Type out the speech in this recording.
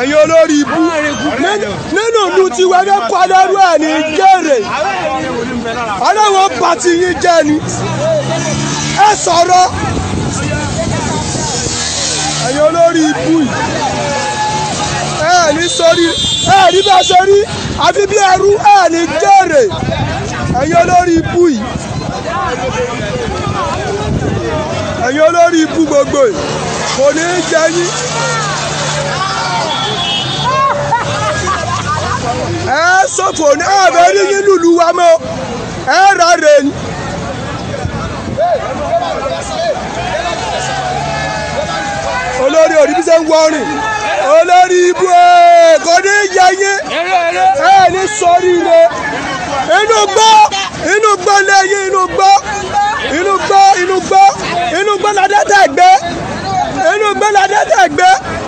ẹ̀yin olórí ibú nínú ìlú tí wọ́n fẹ́ kọ́ lọ́rú ẹ̀ ní jèrè ọlọ́wọ́n pàtì yín jẹ́ ni ẹ sọ̀rọ̀ ẹ̀yin olórí ibú yìí ẹ ní sórí ẹ ní bá sórí àfi bí ẹrú ẹ ní jèrè ẹ̀yin olórí ibú yìí ẹ̀yin olórí ibú gbogbo yìí kò ní í yín. sọ̀fò ní ààbẹ̀ rí yín lùlù wa mọ́ ẹ rà rẹ̀ ni. olórí orí bí ṣe ń wọrin olórí ibú ẹ kò ní yẹ yín ẹ ní sọrí rẹ inú gbọ́ inú gbọ́ lẹ́yìn inú gbọ́ inú gbọ́ inú gbọ́ inú gbọ́ la dẹ́tẹ̀ gbẹ́ inú gbọ́ la gbẹ́.